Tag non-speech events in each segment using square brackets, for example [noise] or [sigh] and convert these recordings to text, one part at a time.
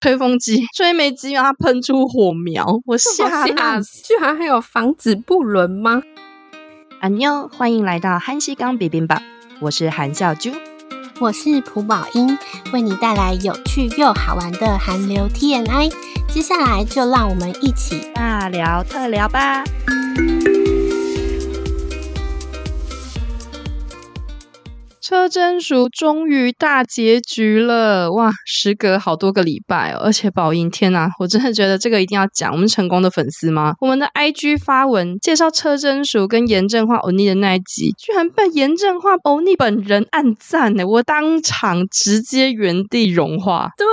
吹風機、吹眉機，它噴出火苗，我嚇死！嚇居然還有防止不倫嗎？阿、啊、妞，歡迎來到韓食柑 bibimbap，我是韓小啾，我是朴寶英，為你帶來有趣又好玩的韓流 T N I，接下來就讓我們一起大聊特聊吧。車貞淑終於大結局了哇！時隔好多個禮拜，哦，而且寶音天吶！我真的覺得這個一定要講。我們成功的粉絲嗎？我們的 IG 發文介紹車貞淑跟嚴正化歐尼的那一集，居然被嚴正化歐尼本人暗讚呢。我當場直接原地融化，對，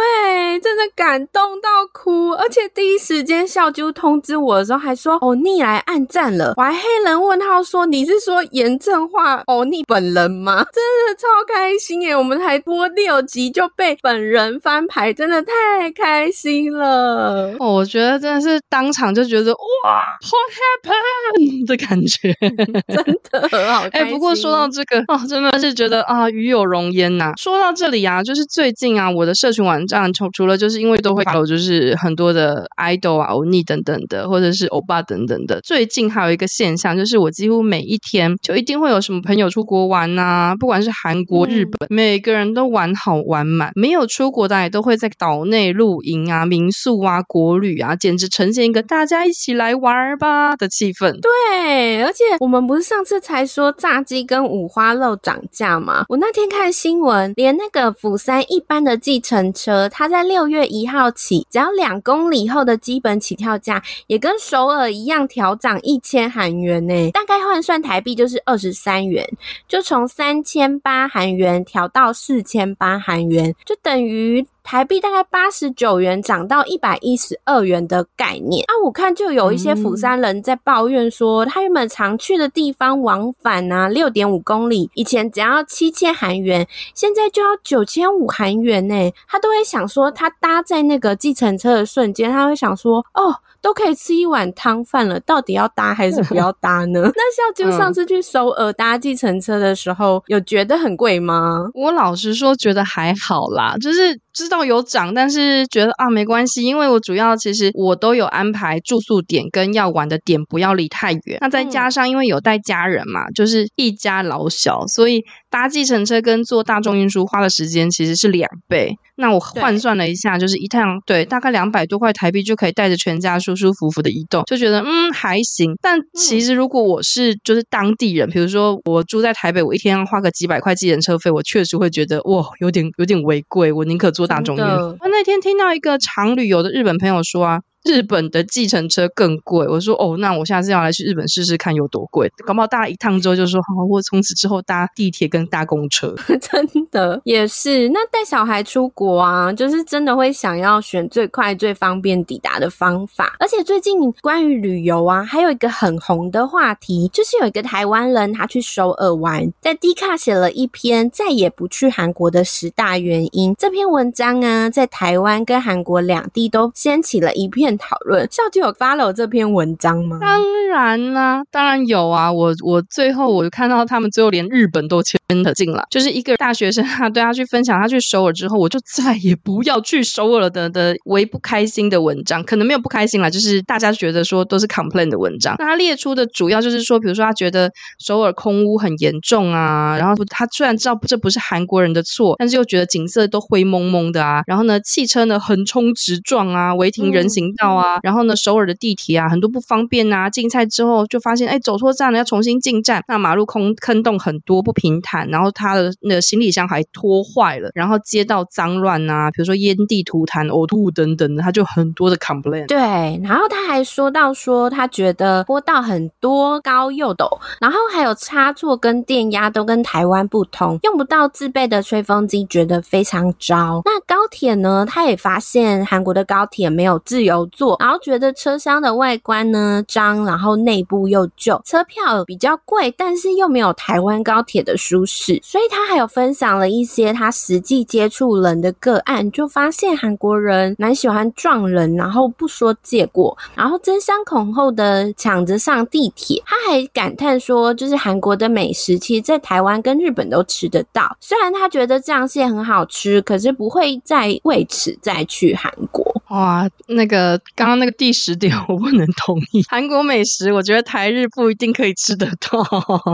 真的感動到哭。而且第一時間啾就通知我的時候，還說歐尼來暗讚了。我還黑人問號說，你是說嚴正化歐尼本人嗎？真的。真的超開心耶！我們才播六集就被本人翻牌，真的太開心了。哦，我覺得真的是當場就覺得哇，What happened 的感覺， [laughs] 真的很好看。哎、 [laughs] 欸， [laughs] 不過說到這個 [laughs] 哦，真的是覺得啊，與有榮焉吶、啊。說到這裡啊，就是最近啊，我的社群網站除除了就是因為都會有就是很多的 idol 啊、歐尼等等的，或者是歐巴等等的。最近還有一個現象，就是我幾乎每一天就一定會有什麼朋友出國玩吶、啊，不管是韓國、日本，嗯、每個人都玩好玩滿，沒有出國的也都會在島內露營啊、民宿啊、國旅啊，簡直呈現一個大家一起來玩吧的氣氛。對，而且我們不是上次才說炸雞跟五花肉漲價嗎？我那天看新聞，連那個釜山一般的計程車，它在六月一號起，只要兩公里後的基本起跳價也跟首爾一樣調漲一千韓元呢、欸，大概換算台幣就是二十三元，就從三千。八韓元調到四千八韓元，就等於，台幣大概八十九元漲到一百一十二元的概念啊，我看就有一些釜山人在抱怨說，他原本常去的地方往返啊，六點五公里，以前只要七千韓元，現在就要九千五韓元呢、欸。他都會想說，他搭在那個計程車的瞬間，他會想說，哦，都可以吃一碗湯飯了，到底要搭還是不要搭呢？ [laughs] 那像就上次去首爾搭計程車的時候，有覺得很貴嗎？我老實說覺得還好啦，就是倒有漲，但是覺得啊沒關係，因為我主要其實我都有安排住宿點跟要玩的點，不要離太遠。那再加上因為有帶家人嘛，就是一家老小，所以搭計程車跟坐大眾運輸花的時間其實是兩倍。那我換算了一下，對就是一趟對，大概兩百多塊台幣就可以帶着全家舒舒服服的移動，就覺得嗯還行。但其實如果我是就是當地人，比、嗯、如說我住在台北，我一天要花個幾百塊計程車費，我確實會覺得哇有點有點微貴，我寧可坐大眾運。我的那天聽到一個常旅遊的日本朋友說啊。日本的計程車更貴，我說哦，那我下次要來去日本試試看有多貴。搞不好搭一趟之後就說好、哦，我從此之後搭地鐵跟搭公車， [laughs] 真的也是。那帶小孩出國啊，就是真的會想要選最快最方便抵達的方法，而且最近關於旅遊啊，還有一個很紅的話題，就是有一個台灣人他去首爾玩，在 D 卡寫了一篇再也不去韓國的十大原因。這篇文章啊，在台灣跟韓國兩地都掀起了一片。討論校就有發了我這篇文章嗎？當然啦、啊，當然有啊。我我最後我就看到他們最後連日本都簽。真的進了，就是一個大學生啊，對他去分享，他去首爾之後，我就再也不要去首爾的的唯不開心的文章，可能沒有不開心啦，就是大家覺得說都是 complain 的文章。那他列出的主要就是說，比如說他覺得首爾空污很嚴重啊，然後他雖然知道這不是韓國人的錯，但是又覺得景色都灰蒙蒙的啊，然後呢，汽車呢橫衝直撞啊，違停人行道啊，嗯嗯、然後呢，首爾的地鐵啊很多不方便啊，進站之後就發現哎走錯站了，要重新進站，那馬路空坑洞很多不平坦。然後他的那個行李箱還拖壞了，然後街道髒亂啊，比如說菸蒂、吐痰、嘔吐等等的，他就很多的 complain。對，然後他還說到說他覺得坡道很多高又陡，然後還有插座跟電壓都跟台灣不同，用不到自備的吹風機，覺得非常糟。那高鐵呢？他也發現韓國的高鐵沒有自由座，然後覺得車廂的外觀呢髒，然後內部又舊，車票比較貴，但是又沒有台灣高鐵的舒。不是，所以他還有分享了一些他實際接觸人的個案，就發現韓國人蠻喜歡撞人，然後不說借過，然後爭先恐後的搶着上地鐵。他還感嘆說，就是韓國的美食，其實在台灣跟日本都吃得到。雖然他覺得醬蟹很好吃，可是不會再為此再去韓國。哇，那個剛剛那個第十點，我不能同意。韓國美食，我覺得台日不一定可以吃得到，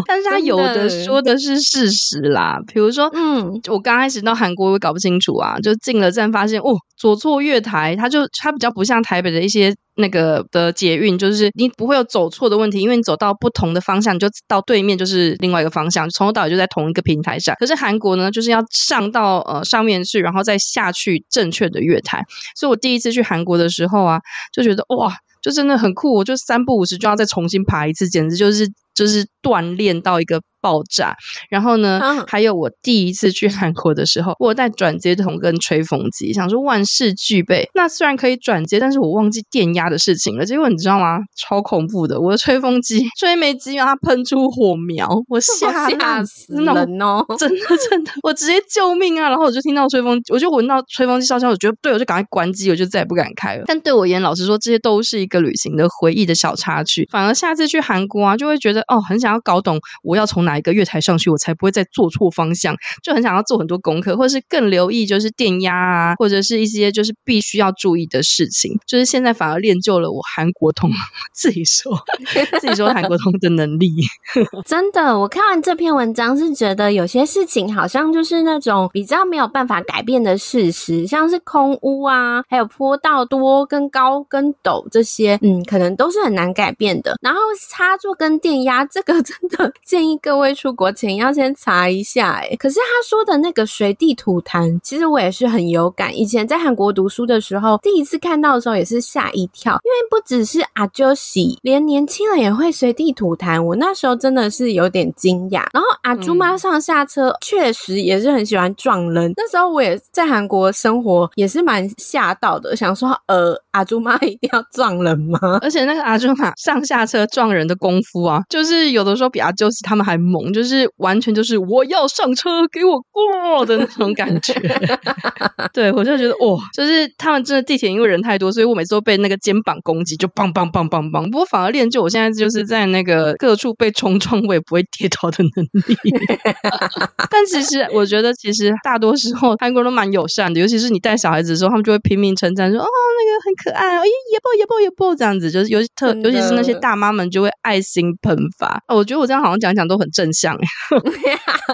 但是他有的說的是是。事實啦，比如說，嗯，我剛開始到韓國，我也搞不清楚啊，就進了站發現哦，走錯月台，它，就它比較不像台北的一些那個的捷運，就是你不會有走錯的問題，因為你走到不同的方向，你就到對面就是另外一個方向，從頭到尾就在同一個平台上。可是韓國呢，就是要上到呃上面去，然後再下去正確的月台，所以我第一次去韓國的時候啊，就覺得哇，就真的很酷，我就三不五時就要再重新爬一次，簡直就是。就是鍛鍊到一個爆炸，然後呢，啊、還有我第一次去韓國的時候，我帶轉接頭跟吹風機，想說萬事俱備。那雖然可以轉接，但是我忘記電壓的事情了。結果你知道嗎？超恐怖的，我的吹風機、吹沒機讓它噴出火苗，我嚇，嚇死人真的真的，我直接救命啊！然後我就聽到吹風機，我就聞到吹風機燒焦，我覺得對，我就趕快關機，我就再也不敢開了。但對我而言，老實說，這些都是一個旅行的回憶的小插曲。反而下次去韓國啊，就會覺得。哦，很想要搞懂我要從哪一個月台上去，我才不會再做錯方向，就很想要做很多功課，或是更留意就是電壓啊，或者是一些就是必須要注意的事情。就是現在反而練就了我韓國通自己說自己說韓國通的能力。 [laughs] 真的，我看完這篇文章是覺得有些事情好像就是那種比較沒有辦法改變的事實，像是空屋啊，還有坡道多、跟高、跟陡這些，嗯，可能都是很難改變的。然後插座跟電壓。啊，這個真的建議各位出國前要先查一下哎、欸。可是他說的那個隨地吐痰，其實我也是很有感。以前在韓國讀書的時候，第一次看到的時候也是嚇一跳，因為不只是阿朱喜，連年輕人也會隨地吐痰。我那時候真的是有點驚訝。然後阿朱媽上下車確實也是很喜歡撞人，嗯、那時候我也在韓國生活也是蠻嚇到的，想說呃，阿朱媽一定要撞人嗎？而且那個阿朱媽上下車撞人的功夫啊，就是。就是有的時候比阿揪西他們還猛，就是完全就是我要上車，給我過的那種感覺。對我就覺得哇、哦，就是他們真的地鐵因為人太多，所以我每次都被那個肩膀攻擊就棒棒棒棒棒棒。不過反而練就我現在就是在那個各處被衝撞我也不會跌倒的能力。 [laughs] 但其實我覺得其實大多時候韓國人都蠻友善的，尤其是你帶小孩子的時候，他們就會拼命稱讚說哦那個很可愛，咦、哎、也不也不也不，這樣子。就是尤其特的尤其是那些大媽們就會愛心噴。吧、哦，我覺得我這樣好像講一講都很正向，哎，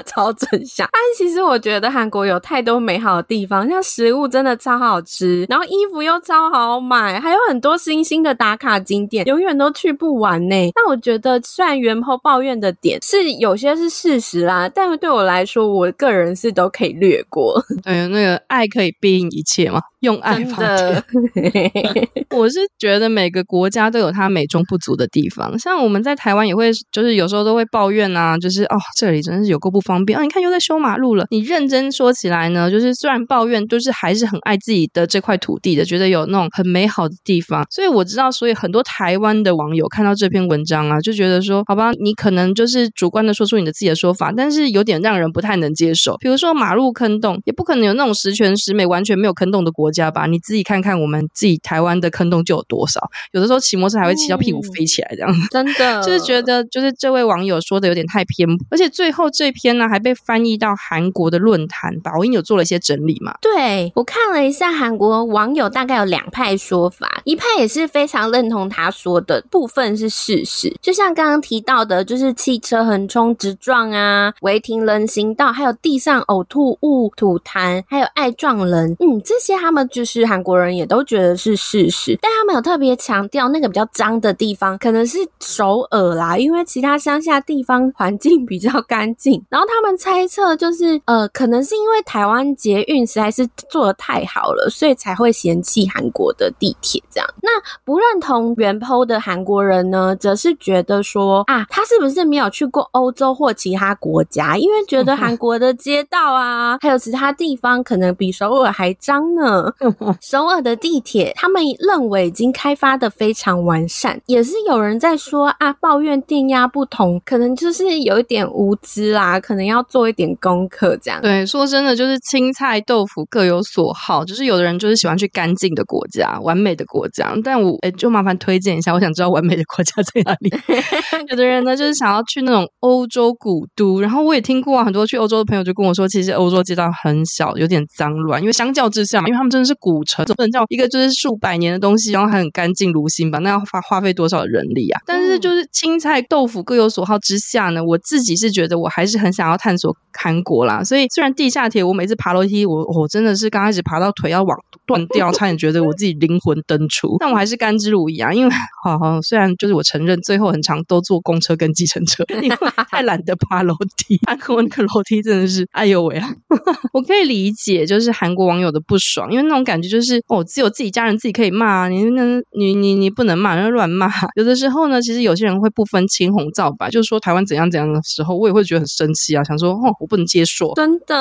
超正向。但其實我覺得韓國有太多美好的地方，像食物真的超好吃，然後衣服又超好買，還有很多新興的打卡景點，永遠都去不完呢。但我覺得雖然原 po 抱怨的點是有些是事實啦，但對我來說，我個人是都可以略過。對，那個愛可以庇蔭一切嗎？用安法真的， [laughs] 我是覺得每個國家都有它美中不足的地方。像我們在台灣也會，就是有時候都會抱怨啊，就是哦，這裡真是有夠不方便啊，哦！你看又在修馬路了。你認真說起來呢，就是雖然抱怨，就是還是很愛自己的這塊土地的，覺得有那種很美好的地方。所以我知道，所以很多台灣的網友看到這篇文章啊，就覺得說，好吧，你可能就是主觀的說出你的自己的說法，但是有點讓人不太能接受。比如說馬路坑洞，也不可能有那種十全十美、完全沒有坑洞的國家。家吧，你自己看看我們自己台灣的坑洞就有多少，有的時候騎摩托車還會騎到屁股飛起來這樣。嗯，真的就是覺得就是這位網友說的有點太偏，而且最後這篇呢還被翻譯到韓國的論壇，英有做了一些整理嘛。對我看了一下韓國網友大概有兩派說法，一派也是非常認同他說的部分是事實，就像剛剛提到的，就是汽車橫衝直撞啊，違停人行道，還有地上嘔吐物、吐痰，還有愛撞人，嗯，這些他們。就是韓國人也都覺得是事實，但他們有特別強調那個比較髒的地方可能是首爾啦，因為其他鄉下地方環境比較乾淨。然後他們猜測就是，呃，可能是因為台灣捷運實在是做得太好了，所以才會嫌棄韓國的地鐵這樣。那不認同原 po 的韓國人呢，則是覺得說啊，他是不是沒有去過歐洲或其他國家？因為覺得韓國的街道啊， [laughs] 還有其他地方可能比首爾還髒呢。 [laughs] 首爾的地鐵，他們認為已經開發的非常完善，也是有人在說啊，抱怨電壓不同，可能就是有一點無知啦，可能要做一點功課這樣。對，說真的，就是青菜豆腐各有所好，就是有的人就是喜歡去乾淨的國家、完美的國家，但我哎、欸，就麻煩推薦一下，我想知道完美的國家在哪裡？ [laughs] 有的人呢，就是想要去那種歐洲古都，然後我也聽過、啊、很多去歐洲的朋友就跟我說，其實歐洲街道很小，有點髒亂，因為相較之下嘛，因為他們真的是古城，總不能叫一個就是數百年的東西，然後還很乾淨如新吧？那要花花費多少人力啊？但是就是青菜豆腐各有所好之下呢，我自己是覺得我還是很想要探索韓國啦。所以雖然地下鐵，我每次爬樓梯，我我真的是剛開始爬到腿要往斷掉，差點覺得我自己靈魂登出， [laughs] 但我還是甘之如飴啊。因為好，好，雖然就是我承認最後很常都坐公車跟計程車，因為太懶得爬樓梯，韓克、 [laughs] 啊、那個樓梯真的是哎呦喂啊！ [laughs] 我可以理解就是韓國網友的不爽，因為。那種感覺就是哦，只有自己家人自己可以罵、啊、你，你你你不能罵，然後亂罵。有的時候呢，其實有些人會不分青紅皂白，就是說台灣怎樣怎樣的時候，我也會覺得很生氣啊，想說哦，我不能接受，真的。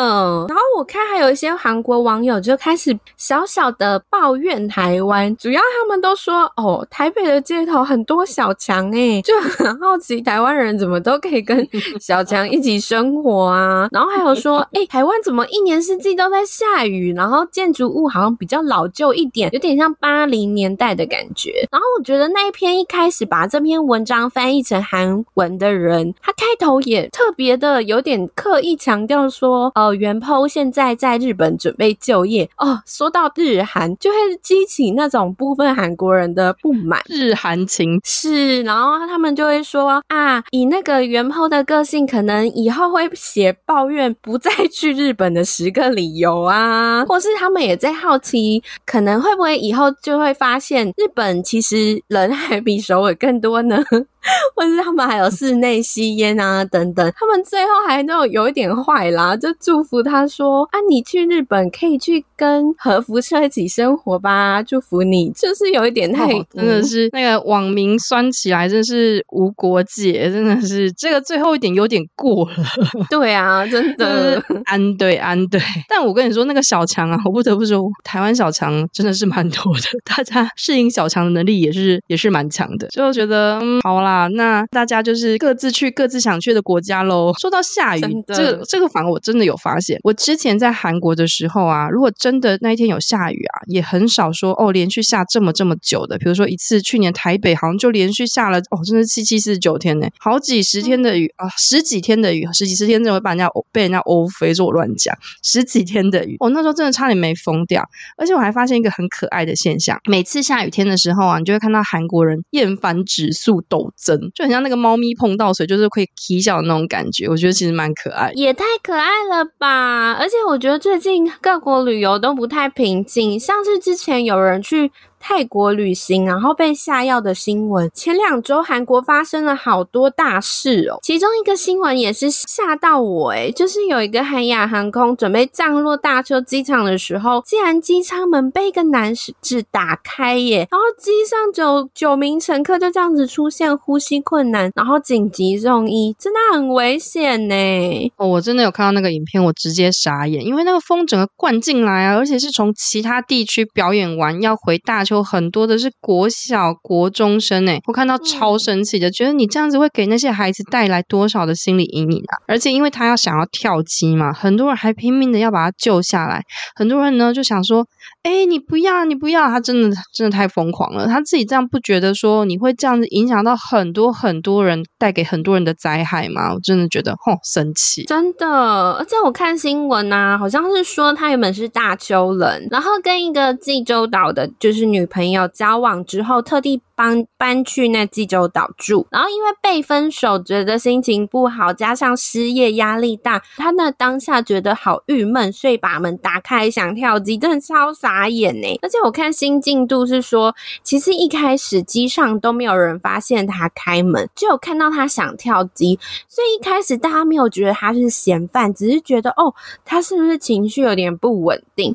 然後我看還有一些韓國網友就開始小小的抱怨台灣，主要他們都說哦，台北的街頭很多小強，哎，就很好奇台灣人怎麼都可以跟小強一起生活啊。然後還有說，哎、欸，台灣怎麼一年四季都在下雨，然後建築物。好像比較老舊一點，有點像八零年代的感覺。然後我覺得那一篇一開始把這篇文章翻譯成韓文的人，他開頭也特別的有點刻意強調說：“呃，原 po 現在在日本準備就業。”哦，說到日韓，就會激起那種部分韓國人的不滿。日韓情是，然後他們就會說：“啊，以那個原 po 的個性，可能以後會寫抱怨不再去日本的十個理由啊，或是他們也在。”好奇，可能會不會以後就會發現，日本其實人還比首爾更多呢？ [laughs] 或者他們還有室內吸菸啊，等等。他們最後還那種有一點壞啦，就祝福他說：“啊，你去日本可以去跟和服車一起生活吧，祝福你。”就是有一點太，太，真的是那個網民酸起來，真是無國界，真的是這個最後一點有點過了。 [laughs] 對啊，真的安對安對。但我跟你說，那個小強啊，我不得不說，台灣小強真的是蠻多的，大家適應小強的能力也是也是蠻強的，就覺得嗯好啦。啊，那大家就是各自去各自想去的國家嘍。說到下雨，的這個、這個反而我真的有發現，我之前在韓國的時候啊，如果真的那一天有下雨啊，也很少說哦連續下這麼這麼久的。比如說一次去年台北好像就連續下了哦，真的七七四十九天呢，好幾十天的雨、嗯、啊，十幾天的雨，十幾十天真的會把人家被人家歐飛，歐說我亂講，十幾天的雨，我、哦、那時候真的差點沒瘋掉。而且我還發現一個很可愛的現象，每次下雨天的時候啊，你就會看到韓國人厭煩指數陡。真就很像那個貓咪碰到水，就是會踢腳的那種感覺，我覺得其實蠻可愛，也太可愛了吧！而且我覺得最近各國旅遊都不太平靜，像是之前有人去泰國旅行然後被下藥的新聞，前兩周韓國發生了好多大事哦，其中一個新聞也是嚇到我哎，就是有一個韓亞航空準備降落大邱機場的時候，竟然機艙門被一個男士打開耶，然後機上九九名乘客就這樣子出現呼吸困難，然後緊急送醫，真的很危險呢。哦，我真的有看到那個影片，我直接傻眼，因為那個風整個灌進來啊，而且是從其他地區表演完要回大邱。有很多的是國小國中生呢，我看到超生氣的，嗯、覺得你這樣子會給那些孩子帶來多少的心理陰影啊！而且因為他要想要跳機嘛，很多人還拼命的要把他救下來，很多人呢就想說，哎、欸，你不要，你不要，他真的真的太瘋狂了，他自己這樣不覺得說你會這樣子影響到很多很多人，帶給很多人的災害嗎？我真的覺得，哦，生氣，真的。而且我看新聞啊，好像是說他原本是大邱人，然後跟一個濟州島的，就是女。朋友交往之後，特地。搬搬去那濟州島住，然後因為被分手，覺得心情不好，加上失業壓力大，他那當下覺得好鬱悶，所以把門打開想跳機，真的超傻眼呢、欸。而且我看新進度是說，其實一開始機上都沒有人發現他開門，只有看到他想跳機，所以一開始大家沒有覺得他是嫌犯，只是覺得哦，他是不是情緒有點不穩定？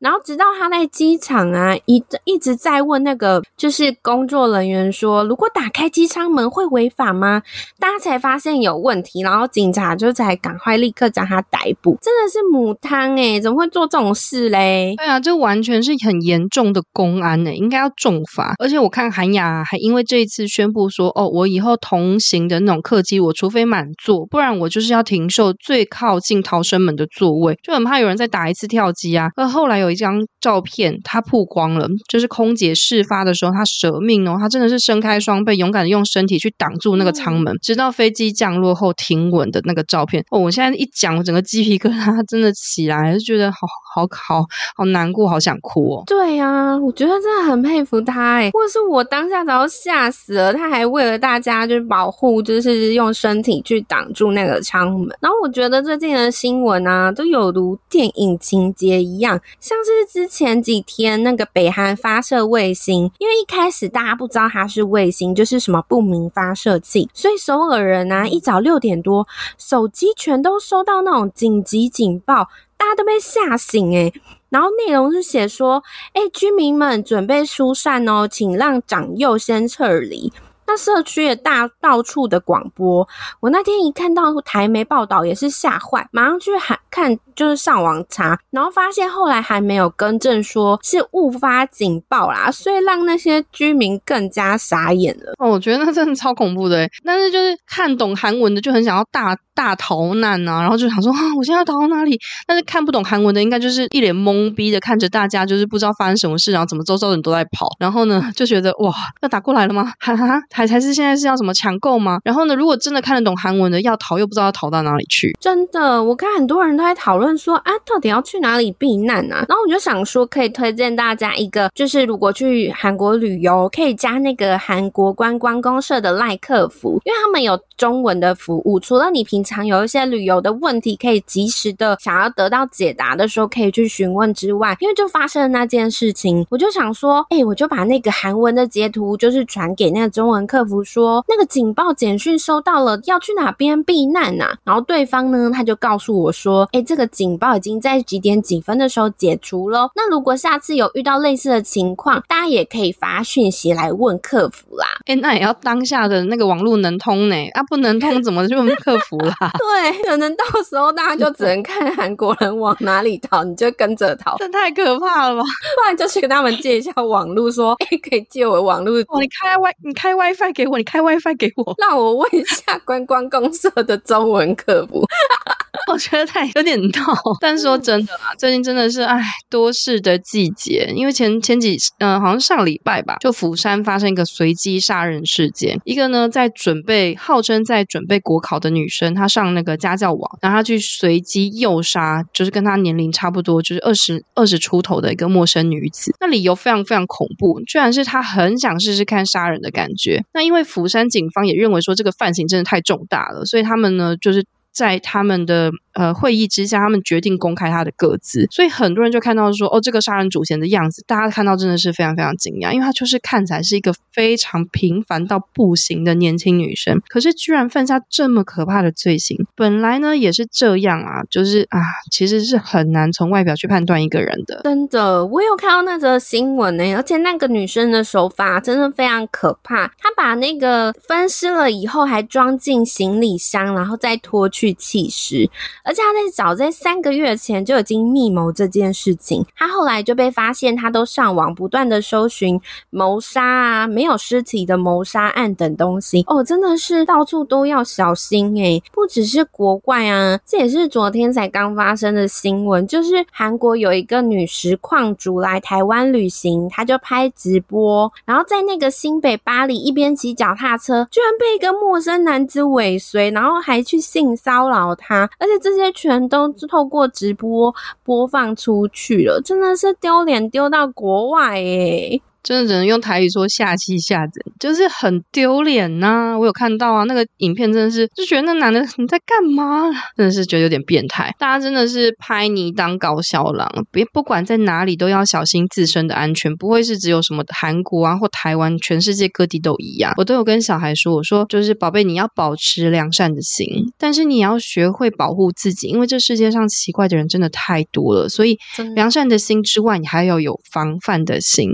然後直到他在機場啊一一直在問那個就是工作。工作人員說：“如果打開機艙門會違法嗎？”大家才發現有問題，然後警察就才趕快立刻將他逮捕。真的是母湯哎、欸，怎麼會做這種事嘞？哎呀、啊，這完全是很嚴重的公安呢、欸，應該要重罰。而且我看韓亞、啊、還因為這一次宣布說：“哦，我以後同行的那種客機，我除非滿座，不然我就是要停售最靠近逃生門的座位。”就很怕有人再打一次跳機啊。而後來有一張照片他曝光了，就是空姐事發的時候，他舍命了。哦、他真的是伸開雙臂，勇敢的用身體去擋住那個艙門，嗯、直到飛機降落後停穩的那個照片。哦，我現在一講，我整個雞皮疙瘩真的起來，就覺得好好好好難過，好想哭哦。對呀、啊，我覺得真的很佩服他哎，或者是我當下都要嚇死了，他還為了大家就是保護，就是用身體去擋住那個艙門。然後我覺得最近的新聞啊，都有如電影情節一樣，像是之前幾天那個北韓發射衛星，因為一開始大家不知道它是衛星，就是什麼不明發射器，所以首爾人啊一早六點多，手機全都收到那種緊急警報，大家都被嚇醒哎、欸，然後內容是寫說，哎、欸，居民們準備疏散哦、喔，請讓長幼先撤離。那社區也大到處的廣播，我那天一看到台媒報道也是嚇壞，馬上去喊看，就是上網查，然後發現後來還沒有更正說，說是誤發警報啦，所以讓那些居民更加傻眼了。哦，我覺得那真的超恐怖的欸，但是就是看懂韓文的就很想要大大逃難啊，然後就想說啊，我現在要逃到哪裡？但是看不懂韓文的應該就是一臉懵逼的看着大家，就是不知道發生什麼事，然後怎麼周遭的人都在跑，然後呢就覺得哇，要打過來了嗎？哈哈哈。才才是現在是要什麼搶購嗎？然後呢，如果真的看得懂韓文的要逃，又不知道要逃到哪裡去。真的，我看很多人都在討論說啊，到底要去哪裡避難啊？然後我就想說，可以推薦大家一個，就是如果去韓國旅遊，可以加那個韓國觀光公社的賴客服，因為他們有中文的服務。除了你平常有一些旅遊的問題，可以及時的想要得到解答的時候，可以去詢問之外，因為就發生了那件事情，我就想說，哎、欸，我就把那個韓文的截圖，就是傳給那個中文。客服說：“那個警報簡訊收到了，要去哪邊避難啊？然後對方呢，他就告訴我說：“哎，這個警報已經在幾點幾分的時候解除嘍。那如果下次有遇到類似的情況，大家也可以發訊息來問客服啦。”哎，那也要當下的那個網絡能通呢，那、啊、不能通怎麼去問客服啦、啊？ [laughs] 對，可能到時候大家就只能看韓國人往哪裡逃，你就跟着逃，這太可怕了吧？不然就去跟他們借一下網絡，說：“哎，可以借我的網絡？”哦，你開外，你開外。WiFi 給我，你開 WiFi 給我，讓我問一下觀光公社的中文客服。 [laughs] 我覺得太有點鬧，但說真的啊，最近真的是哎多事的季節。因為前前幾嗯、呃，好像上禮拜吧，就釜山發生一個隨機殺人事件。一個呢在準備，號稱在準備國考的女生，她上那個家教網，然後她去隨機誘殺，就是跟她年齡差不多，就是二十二十出頭的一個陌生女子。那理由非常非常恐怖，居然是她很想試試看殺人的感覺。那因為釜山警方也認為說這個犯行真的太重大了，所以他們呢就是。在他們的。呃，會議之下，他們決定公開他的個資。所以很多人就看到說：“哦，這個殺人主嫌的樣子。”大家看到真的是非常非常驚訝，因為她就是看起來是一個非常平凡到不行的年輕女生，可是居然犯下這麼可怕的罪行。本來呢也是這樣啊，就是啊，其實是很難從外表去判斷一個人的。真的，我有看到那則新聞呢、欸，而且那個女生的手法真的非常可怕，她把那個分屍了以後，還裝進行李箱，然後再拖去棄屍。而且他在早在三個月前就已經密謀這件事情。他後來就被發現，他都上網不斷的搜尋謀殺啊、沒有屍體的謀殺案等東西。哦，真的是到處都要小心哎、欸！不只是國怪啊，這也是昨天才剛發生的新聞。就是韓國有一個女實況主來台灣旅行，她就拍直播，然後在那個新北八里一邊騎腳踏車，居然被一個陌生男子尾隨，然後還去性騷擾她，而且這。這些全都透過直播播放出去了，真的是丟臉丟到國外哎、欸。真的只能用台語說下氣下子，就是很丟臉吶！我有看到啊，那個影片真的是就覺得那男的你在幹嘛？真的是覺得有點變態。大家真的是拍你當搞笑狼，別不管在哪裡都要小心自身的安全，不會是只有什麼韓國啊或台灣，全世界各地都一樣。我都有跟小孩說，我說就是寶貝，你要保持良善的心，但是你要學會保護自己，因為這世界上奇怪的人真的太多了，所以真的，良善的心之外，你還要有，有防範的心。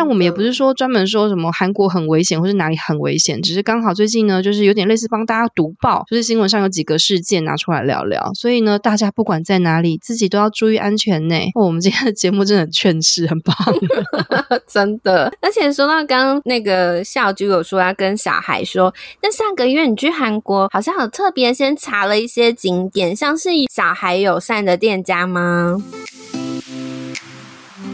但我們也不是說專門說什麼韓國很危險，或是哪裡很危險，只是剛好最近呢，就是有點類似幫大家讀報，就是新聞上有幾個事件拿出來聊聊。所以呢，大家不管在哪裡，自己都要注意安全呢、哦。我們今天的節目真的很勸世，很棒， [laughs] 真的。而且說到剛剛那個小啾有說要跟小孩說，那上個月你去韓國，好像很特別先查了一些景點，像是小孩友善的店家嗎？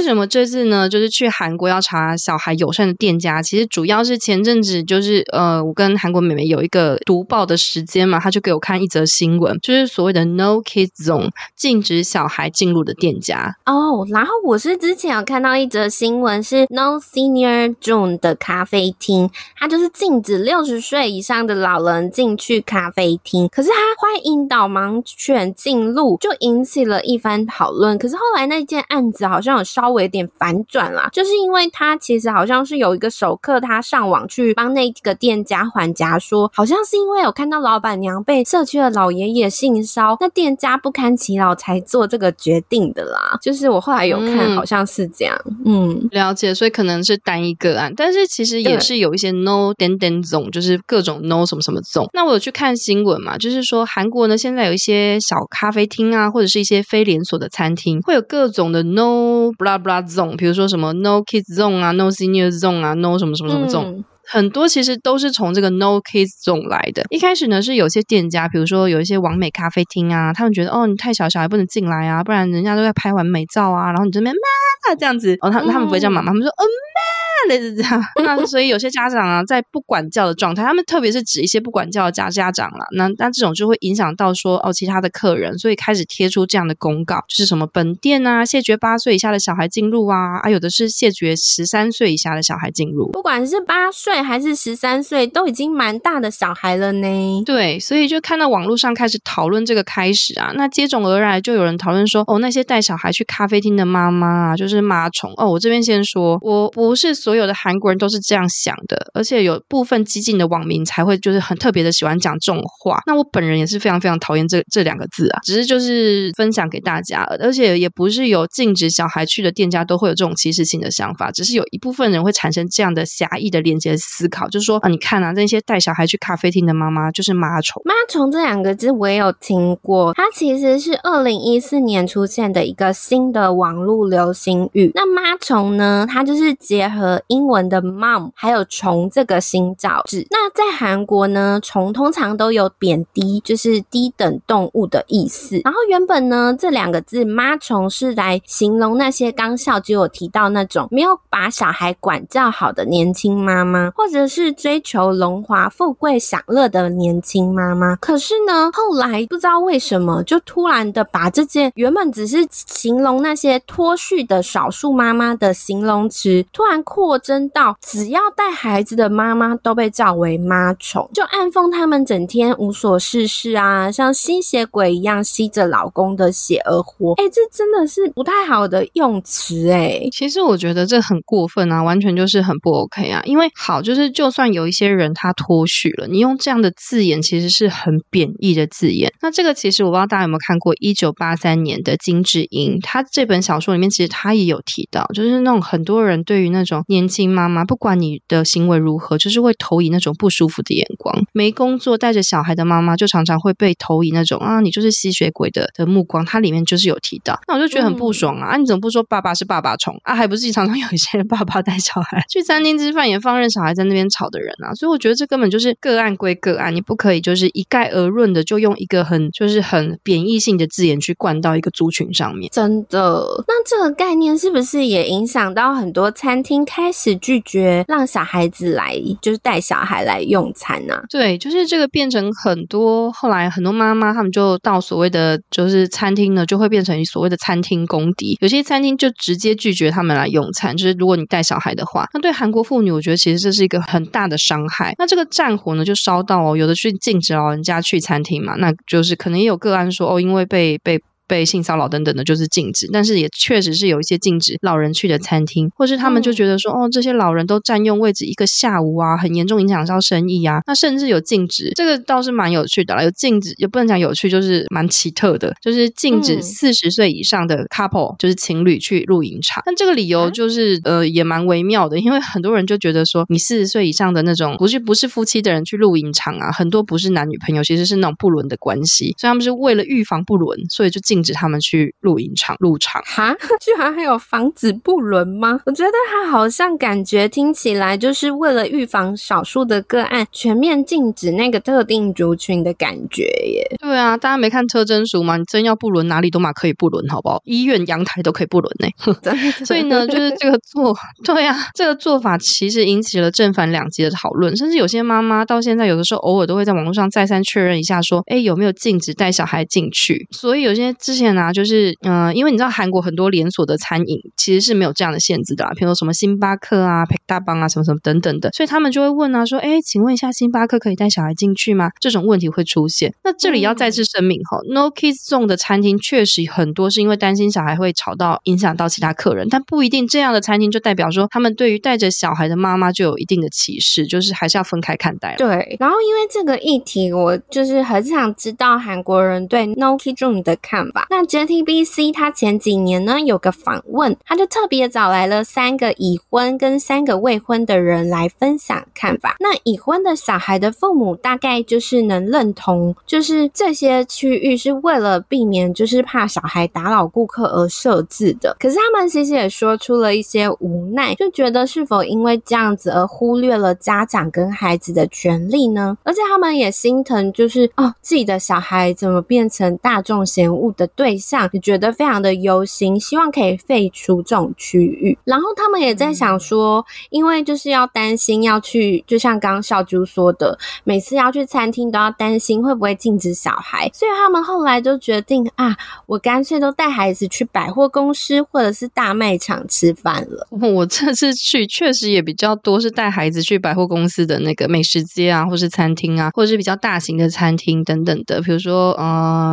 為什麼這次呢？就是去韓國要查小孩友善的店家，其實主要是前陣子就是呃，我跟韓國妹妹有一個讀報的時間嘛，她就給我看一則新聞，就是所謂的 No Kids Zone，禁止小孩進入的店家。哦，oh, 然後我是之前有看到一則新聞，是 No Senior Zone 的咖啡廳，他就是禁止六十歲以上的老人進去咖啡廳，可是他歡迎導盲犬進入，就引起了一番討論。可是後來那件案子好像有稍。我有點反轉啦，就是因為他其實好像是有一個熟客，他上網去幫那個店家還價，說好像是因為有看到老板娘被社區的老爺爺性騷擾，那店家不堪其擾才做這個決定的啦。就是我後來有看好像是這樣，嗯，嗯，了解，所以可能是單一個案，但是其實也是有一些 no 等等總，就是各種 no 什麼什麼總。那我有去看新聞嘛，就是說韓國呢現在有一些小咖啡廳啊，或者是一些非連鎖的餐廳，會有各種的 no 不啦。布拉 zone，比如說什麼 no kids zone 啊，no senior zone 啊，no 什麼什麼什麼 zone，嗯、很多其實都是從這個 no kids zone 來的。一開始呢，是有些店家，比如說有一些網美咖啡廳啊，他們覺得哦，你太小小孩不能進來啊，不然人家都在拍完美照啊，然後你這邊媽媽這樣子，哦，他他們不會叫媽媽，嗯、他們說嗯媽。哦是這樣， [laughs] 那所以有些家長啊，在不管教的狀態，他們特別是指一些不管教的家家長了、啊。那那這種就會影響到說哦，其他的客人，所以開始貼出這樣的公告，就是什麼本店啊，謝絕八歲以下的小孩進入啊，啊，有的是謝絕十三歲以下的小孩進入。不管是八歲還是十三歲，都已經蠻大的小孩了呢。對，所以就看到網絡上開始討論這個開始啊，那接踵而來就有人討論說，哦，那些帶小孩去咖啡廳的媽媽啊，就是媽蟲哦。我這邊先說，我不是所。所有的韓國人都是這樣想的，而且有部分激進的網民才會就是很特別的喜歡講這種話。那我本人也是非常非常討厭這這兩個字啊，只是就是分享給大家，而且也不是有禁止小孩去的店家都會有這種歧視性的想法，只是有一部分人會產生這樣的狹義的連接思考，就是說啊，你看啊，那些帶小孩去咖啡廳的媽媽就是媽蟲。媽蟲這兩個字我也有聽過，它其實是二零一四年出現的一個新的網絡流行語。那媽蟲呢，它就是結合。英文的 mom，還有蟲這個新造字。那在韓國呢，蟲通常都有貶低，就是低等動物的意思。然後原本呢，這兩個字媽蟲是來形容那些剛校就有提到那種沒有把小孩管教好的年輕媽媽，或者是追求榮華富貴享樂的年輕媽媽。可是呢，後來不知道為什麼，就突然的把這些原本只是形容那些脫序的少數媽媽的形容詞，突然擴。或真到只要帶孩子的媽媽都被叫為媽蟲，就暗諷他們整天無所事事啊，像吸血鬼一樣吸着老公的血而活。哎、欸，這真的是不太好的用詞哎、欸。其實我覺得這很過分啊，完全就是很不 OK 啊。因為好，就是就算有一些人他脫序了，你用這樣的字眼其實是很貶義的字眼。那這個其實我不知道大家有沒有看過一九八三年的金智英，他這本小說裡面其實他也有提到，就是那種很多人對於那種。年輕媽媽，不管你的行為如何，就是會投以那種不舒服的眼光。沒工作帶着小孩的媽媽，就常常會被投以那種啊，你就是吸血鬼的的目光。它裡面就是有提到，那我就覺得很不爽啊！啊，你怎麼不說爸爸是爸爸蟲啊？啊，還不是常常有一些人爸爸帶小孩去餐廳吃飯，也放任小孩在那邊吵的人啊？所以我覺得這根本就是個案歸個案，你不可以就是一概而論的，就用一個很就是很貶義性的字眼去灌到一個族群上面。真的？那這個概念是不是也影響到很多餐廳開？開始拒絕讓小孩子來，就是帶小孩來用餐吶、啊。對，就是這個變成很多後來很多媽媽，他們就到所謂的就是餐廳呢，就會變成所謂的餐廳公敵。有些餐廳就直接拒絕他們來用餐，就是如果你帶小孩的話，那對韓國婦女，我覺得其實這是一個很大的傷害。那這個戰火呢，就燒到哦，有的是禁止老人家去餐廳嘛，那就是可能也有個案說哦，因為被被。被性騷擾等等的，就是禁止。但是也確實是有一些禁止老人去的餐廳，或是他們就覺得說，哦，這些老人都占用位置一個下午啊，很嚴重影響到生意啊。那甚至有禁止，這個倒是蠻有趣的啦。有禁止也不能講有趣，就是蠻奇特的，就是禁止四十歲以上的 couple，就是情侶去露營場。但這個理由就是，呃，也蠻微妙的，因為很多人就覺得說，你四十歲以上的那種不是不是夫妻的人去露營場啊，很多不是男女朋友，其實是那種不倫的關係，所以他們是為了預防不倫，所以就禁止。禁止他們去露營場入場哈，居然還有防止不倫嗎？我覺得他好像感覺聽起來就是為了預防少數的個案，全面禁止那個特定族群的感覺耶。對啊，大家沒看車真熟嗎？你真要不倫哪裡都嘛可以不倫，好不好？醫院陽台都可以不倫呢。 [laughs] [laughs] [laughs] 所以呢，就是這個做對啊，這個做法其實引起了正反兩極的討論，甚至有些媽媽到現在有的時候偶爾都會在網絡上再三確認一下說，說、欸、哎有沒有禁止帶小孩進去？所以有些。之前啊，就是嗯、呃，因為你知道韓國很多連鎖的餐飲其實是沒有這樣的限制的，啊，比如說什麼星巴克啊、大邦啊、什麼什麼等等的，所以他們就會問啊，說：“哎，請問一下，星巴克可以帶小孩進去嗎？”這種問題會出現。那這裡要再次聲明哈，嗯，No Kids Zone 的餐廳確實很多是因為擔心小孩會吵到影響到其他客人，但不一定這樣的餐廳就代表說他們對於帶着小孩的媽媽就有一定的歧視，就是還是要分開看待。對，然後因為這個議題，我就是很想知道韓國人對 No Kids Zone 的看法。那 JTBC 他前幾年呢，有個訪問，他就特別找來了三個已婚跟三個未婚的人來分享看法。那已婚的小孩的父母大概就是能認同，就是這些區域是為了避免就是怕小孩打擾顧客而設置的。可是他們其實也說出了一些無奈，就覺得是否因為這樣子而忽略了家長跟孩子的權利呢？而且他們也心疼，就是哦自己的小孩怎麼變成大眾嫌惡的對象也覺得非常的憂心，希望可以廢除這種區域。然後他們也在想說，嗯、因為就是要擔心要去，就像剛剛小啾說的，每次要去餐廳都要擔心會不會禁止小孩，所以他們後來就決定啊，我乾脆都帶孩子去百貨公司或者是大賣場吃飯了。我這次去確實也比較多，是帶孩子去百貨公司的那個美食街啊，或是餐廳啊，或者是比較大型的餐廳等等的，比如說嗯、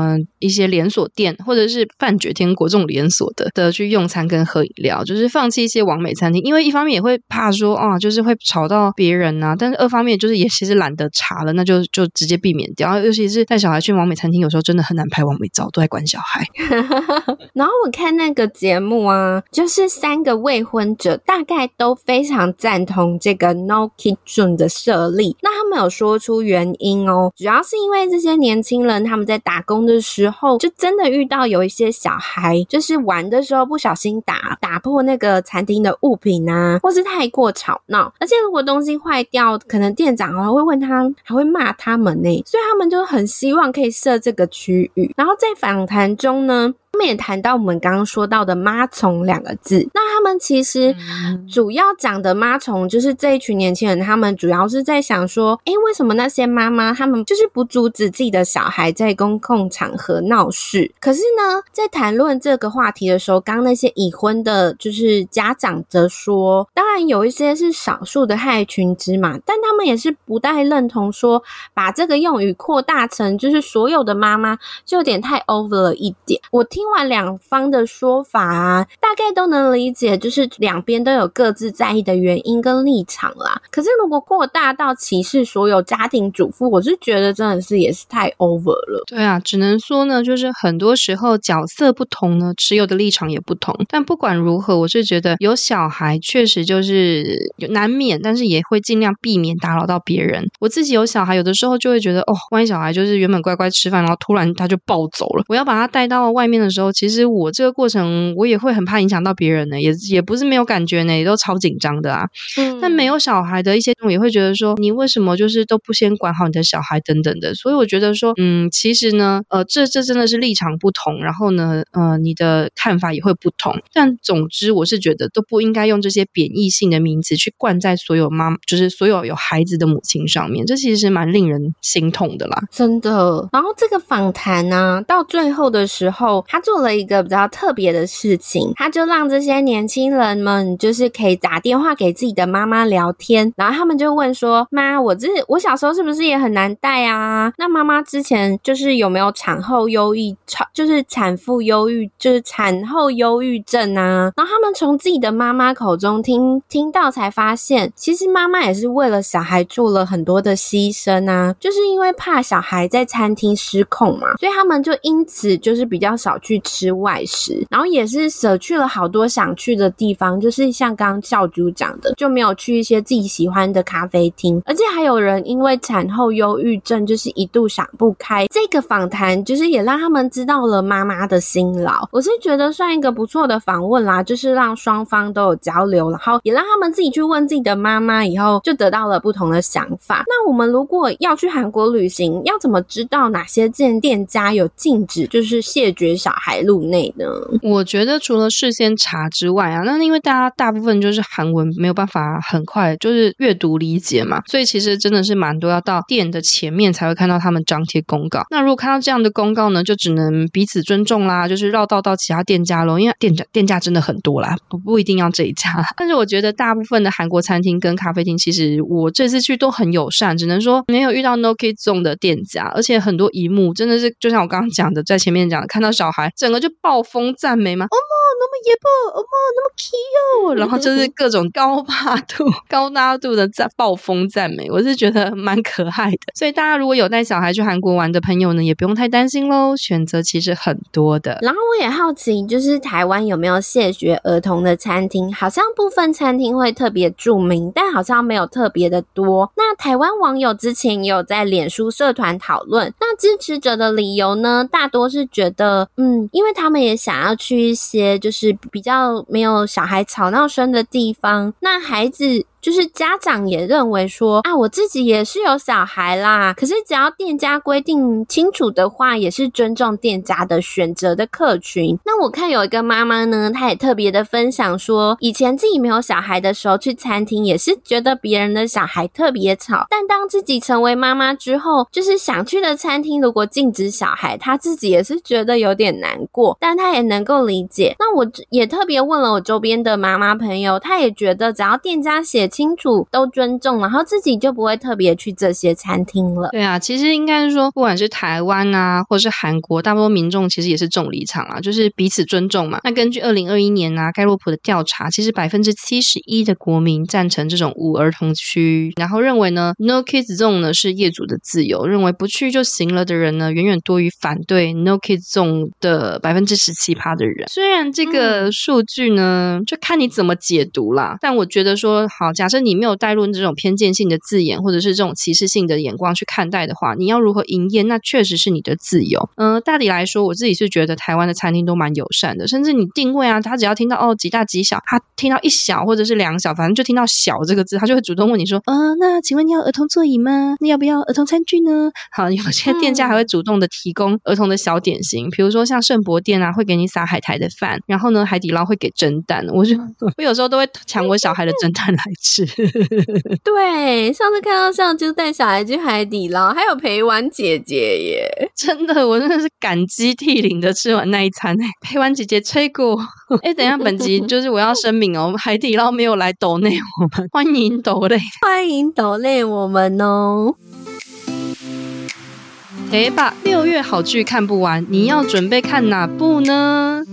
呃、一些連鎖店或者是飯捲天國這種連鎖的的去用餐跟喝飲料，就是放棄一些網美餐廳。因為一方面也會怕說啊，就是會吵到別人啊，但是二方面就是也其實懶得查了，那就就直接避免掉。尤其是帶小孩去網美餐廳，有時候真的很難拍網美照，都在管小孩。 [laughs] 然後我看那個節目啊，就是三個未婚者大概都非常贊同這個 no kids zone 的設立，那他們有說出原因哦，主要是因為這些年輕人他們在打工的時候就真的。遇到有一些小孩，就是玩的時候不小心打打破那個餐廳的物品啊，或是太過吵鬧，而且如果東西壞掉，可能店長還會問他，還會罵他們呢、欸，所以他們就很希望可以設這個區域。然後在訪談中呢。他們也談到我們剛剛說到的“媽蟲”兩個字，那他們其實主要講的“媽蟲”就是這一群年輕人，他們主要是在想說，哎、欸，為什麼那些媽媽他們就是不阻止自己的小孩在公共場合鬧事？可是呢，在談論這個話題的時候，剛那些已婚的，就是家長則說，當然有一些是少數的害群之馬，但他們也是不太認同說把這個用語擴大成就是所有的媽媽，就有點太 over 了一點。我聽。聽完兩方的說法啊，大概都能理解，就是兩邊都有各自在意的原因跟立場啦。可是如果擴大到歧視所有家庭主婦，我是覺得真的是也是太 over 了。對啊，只能說呢，就是很多時候角色不同呢，持有的立場也不同。但不管如何，我是覺得有小孩確實就是難免，但是也會盡量避免打擾到別人。我自己有小孩，有的時候就會覺得哦，萬一小孩就是原本乖乖吃飯，然後突然他就暴走了，我要把他帶到外面的時候。時候，其實我這個過程我也會很怕影響到別人呢，也也不是沒有感覺呢，也都超緊張的啊。嗯，但沒有小孩的一些我也會覺得說，你為什麼就是都不先管好你的小孩等等的。所以我覺得說，嗯，其實呢，呃，這這真的是立場不同，然後呢，呃，你的看法也會不同。但總之，我是覺得都不應該用這些貶義性的名詞去灌在所有媽媽，就是所有有孩子的母親上面，這其實是蠻令人心痛的啦，真的。然後這個訪談呢、啊，到最後的時候，他，做了一個比較特別的事情，他就讓這些年輕人們就是可以打電話給自己的媽媽聊天，然後他們就問說：“媽，我這我小時候是不是也很難帶啊？那媽媽之前就是有沒有產後憂鬱，產，就是產婦憂鬱，就是產後憂鬱症啊？”然後他們從自己的媽媽口中聽聽到，才發現其實媽媽也是為了小孩做了很多的犧牲啊，就是因為怕小孩在餐廳失控嘛，所以他們就因此就是比較少去。去吃外食，然後也是捨去了好多想去的地方，就是像剛教主講的，就沒有去一些自己喜歡的咖啡廳，而且還有人因為產後憂鬱症，就是一度想不開。這個訪談就是也讓他們知道了媽媽的辛勞，我是覺得算一個不錯的訪問啦，就是讓雙方都有交流，然後也讓他們自己去問自己的媽媽，以後就得到了不同的想法。那我們如果要去韓國旅行，要怎麼知道哪些間店家有禁止，就是謝絕小孩？海路內呢？我覺得除了事先查之外啊，那因為大家大部分就是韓文沒有辦法很快就是閱讀理解嘛，所以其實真的是蠻多要到店的前面才會看到他們張貼公告。那如果看到這樣的公告呢，就只能彼此尊重啦，就是繞道到其他店家嘍。因為店家店家真的很多啦，不不一定要這一家。但是我覺得大部分的韓國餐廳跟咖啡廳，其實我這次去都很友善，只能說沒有遇到 No Kid Zone 的店家，而且很多一幕真的是就像我剛剛講的，在前面講的，看到小孩。整個就暴風讚美嘛，哦，那麼野不哦，那麼 cute，然後就是各種高八度、高八度的讚暴風讚美，我是覺得蠻可愛的。所以大家如果有帶小孩去韓國玩的朋友呢，也不用太擔心嘍，選擇其實很多的。然後我也好奇，就是台灣有沒有謝絕兒童的餐廳？好像部分餐廳會特別著名，但好像沒有特別的多。那台灣網友之前也有在臉書社團討論，那支持者的理由呢，大多是覺得嗯。因為他們也想要去一些就是比較沒有小孩吵鬧聲的地方，那孩子。就是家長也認為說啊，我自己也是有小孩啦。可是只要店家規定清楚的話，也是尊重店家的選擇的客群。那我看有一個媽媽呢，她也特別的分享說，以前自己沒有小孩的時候去餐廳也是覺得別人的小孩特別吵。但當自己成為媽媽之後，就是想去的餐廳如果禁止小孩，她自己也是覺得有點難過，但她也能夠理解。那我也特別問了我周邊的媽媽朋友，她也覺得只要店家寫清楚都尊重，然後自己就不會特別去這些餐廳了。對啊，其實應該是說，不管是台灣啊，或者是韓國，大多民眾其實也是重立場啊，就是彼此尊重嘛。那根據二零二一年啊蓋洛普的調查，其實百分之七十一的國民贊成這種無兒童區，然後認為呢，no kids zone 呢是業主的自由，認為不去就行了的人呢遠遠多於反對 no kids 種的百分之十七趴的人。雖然這個數據呢、嗯、就看你怎麼解讀啦，但我覺得說好。假設你沒有帶入這種偏見性的字眼，或者是這種歧視性的眼光去看待的話，你要如何營業，那確實是你的自由。嗯、呃，大抵來說，我自己是覺得台灣的餐廳都蠻友善的，甚至你定位啊，他只要聽到哦幾大幾小，他、啊、聽到一小或者是兩小，反正就聽到小這個字，他就會主動問你說，呃、嗯哦，那請問你要兒童座椅嗎？那要不要兒童餐具呢？好，有些店家還會主動的提供兒童的小點心，比如說像勝博殿啊，會給你撒海苔的飯，然後呢，海底撈會給蒸蛋，我就我有時候都會搶我小孩的蒸蛋來吃。嗯嗯 [laughs] 對，上次看到像就帶小孩去海底撈，還有陪玩姐姐耶，真的，我真的是感激涕零的吃完那一餐。陪玩姐姐吹過，哎、 [laughs] 欸，等一下，本集就是我要聲明哦， [laughs] 海底撈沒有來抖內，我們歡迎抖內，歡迎抖內我們哦。哎爸，六月好劇看不完，你要準備看哪部呢？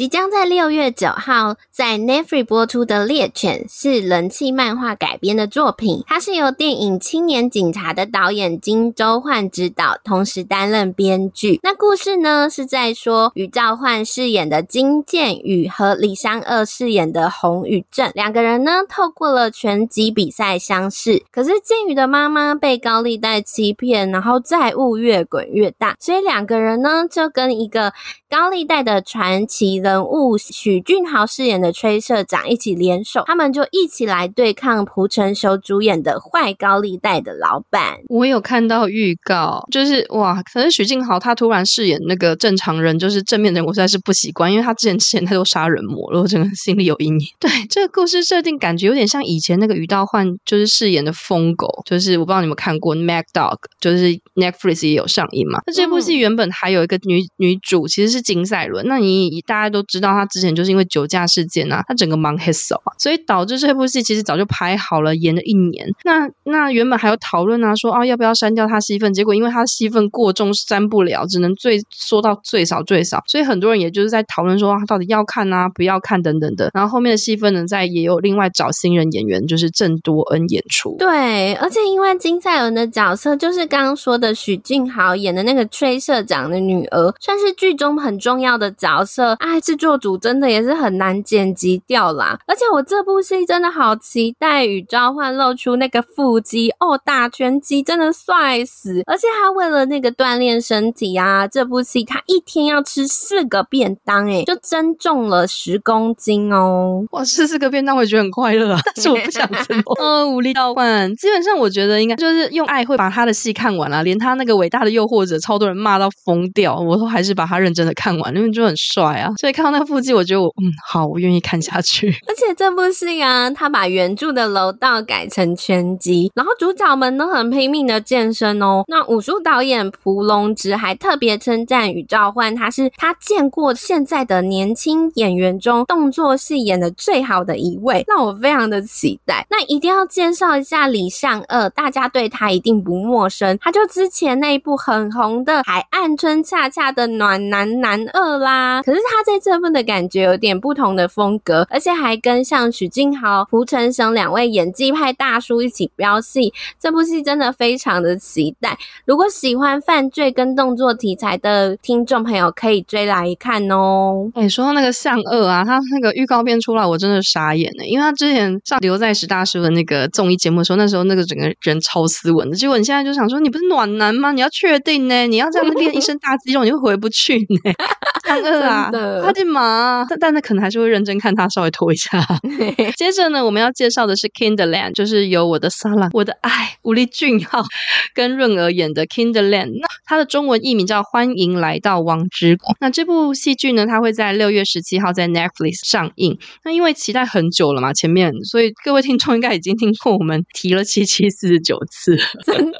即將在六月九號在 Netflix 播出的《獵犬》是人氣漫畫改編的作品，它是由電影《青年警察》的導演金周煥執導，同時擔任編劇。那故事呢是在說，禹棹煥飾演的金建宇和李相二飾演的洪宇鎮兩個人呢，透過了拳擊比賽相識。可是建宇的媽媽被高利貸欺騙，然後債務越滾越大，所以兩個人呢就跟一個。高利貸的傳奇人物許俊豪飾演的崔社長一起聯手，他們就一起來對抗朴成雄主演的壞高利貸的老板。我有看到預告，就是哇，可是許俊豪他突然飾演那個正常人，就是正面的人，我實在是不習慣，因為他之前飾演太多殺人魔了，我整個心裡有陰影。對這個故事設定，感覺有點像以前那個於道煥就是飾演的瘋狗，就是我不知道你們看過 Mad Dog，就是 Netflix 也有上映嘛？那這部戲原本還有一個女女主，其實是。金賽倫，那你大家都知道，他之前就是因為酒駕事件啊，他整個忙死了、啊，所以導致這部戲其實早就拍好了，延了一年。那那原本還有討論啊，說啊要不要刪掉他戲份，結果因為他戲份過重刪不了，只能最縮到最少最少。所以很多人也就是在討論說，他、啊、到底要看啊，不要看等等的。然後後面的戲份呢，在也有另外找新人演員，就是鄭多恩演出。對，而且因為金賽綸的角色就是剛剛說的許俊豪演的那個崔社長的女兒，算是劇中很，很重要的角色愛、啊、制作組真的也是很難剪輯掉啦。而且我這部戲真的好期待禹棹煥露出那個腹肌哦，打拳擊真的帥死！而且他為了那個鍛鍊身體啊，這部戲他一天要吃四個便當哎、欸，就增重了十公斤哦、喔。哇，吃四個便當我也覺得很快樂啊， [laughs] 但是我不想吃 [laughs] 哦。呃，禹棹煥基本上我覺得應該就是用愛會把他的戲看完了、啊，連他那個偉大的誘惑者超多人罵到瘋掉，我都還是把他認真的看。看完，因為就很帥啊，所以看到那腹肌我覺得我嗯好，我願意看下去。而且這部戲啊，他把原著的樓道改成拳擊，然後主角們都很拼命的健身哦。那武術導演蒲龍直還特別稱讚禹棹煥，他是他見過現在的年輕演員中動作戲演的最好的一位，讓我非常的期待。那一定要介紹一下李相二，大家對他一定不陌生，他就之前那一部很紅的《海岸村恰恰》的暖男男男二啦，可是他在這部的感覺有點不同的風格，而且還跟像許俊豪、胡晨生兩位演技派大叔一起飆戲，這部戲真的非常的期待。如果喜歡犯罪跟動作題材的聽眾朋友，可以追來看哦。哎、欸，說到那個向惡啊，他那個預告片出來，我真的傻眼了、欸，因為他之前上劉在石大叔的那個綜藝節目的時候，那時候那個整個人超斯文的，結果你現在就想說，你不是暖男嗎？你要確定呢、欸？你要這樣練 [laughs] 一身大肌肉，你就回不去呢、欸？上顎 [laughs] 啊，他的媽！但但他可能還是會認真看他，稍微拖一下。 [laughs] [laughs] 接着呢，我們要介紹的是《Kindle Land》，就是由我的薩拉、我的愛吳麗俊浩跟潤兒演的《Kindle Land》那。那他的中文譯名叫《歡迎來到王之國》。那這部戲劇呢，它會在六月十七號在 Netflix 上映。那因為期待很久了嘛，前面所以各位聽眾應該已經聽過我們提了七七四十九次了， [laughs] 真的，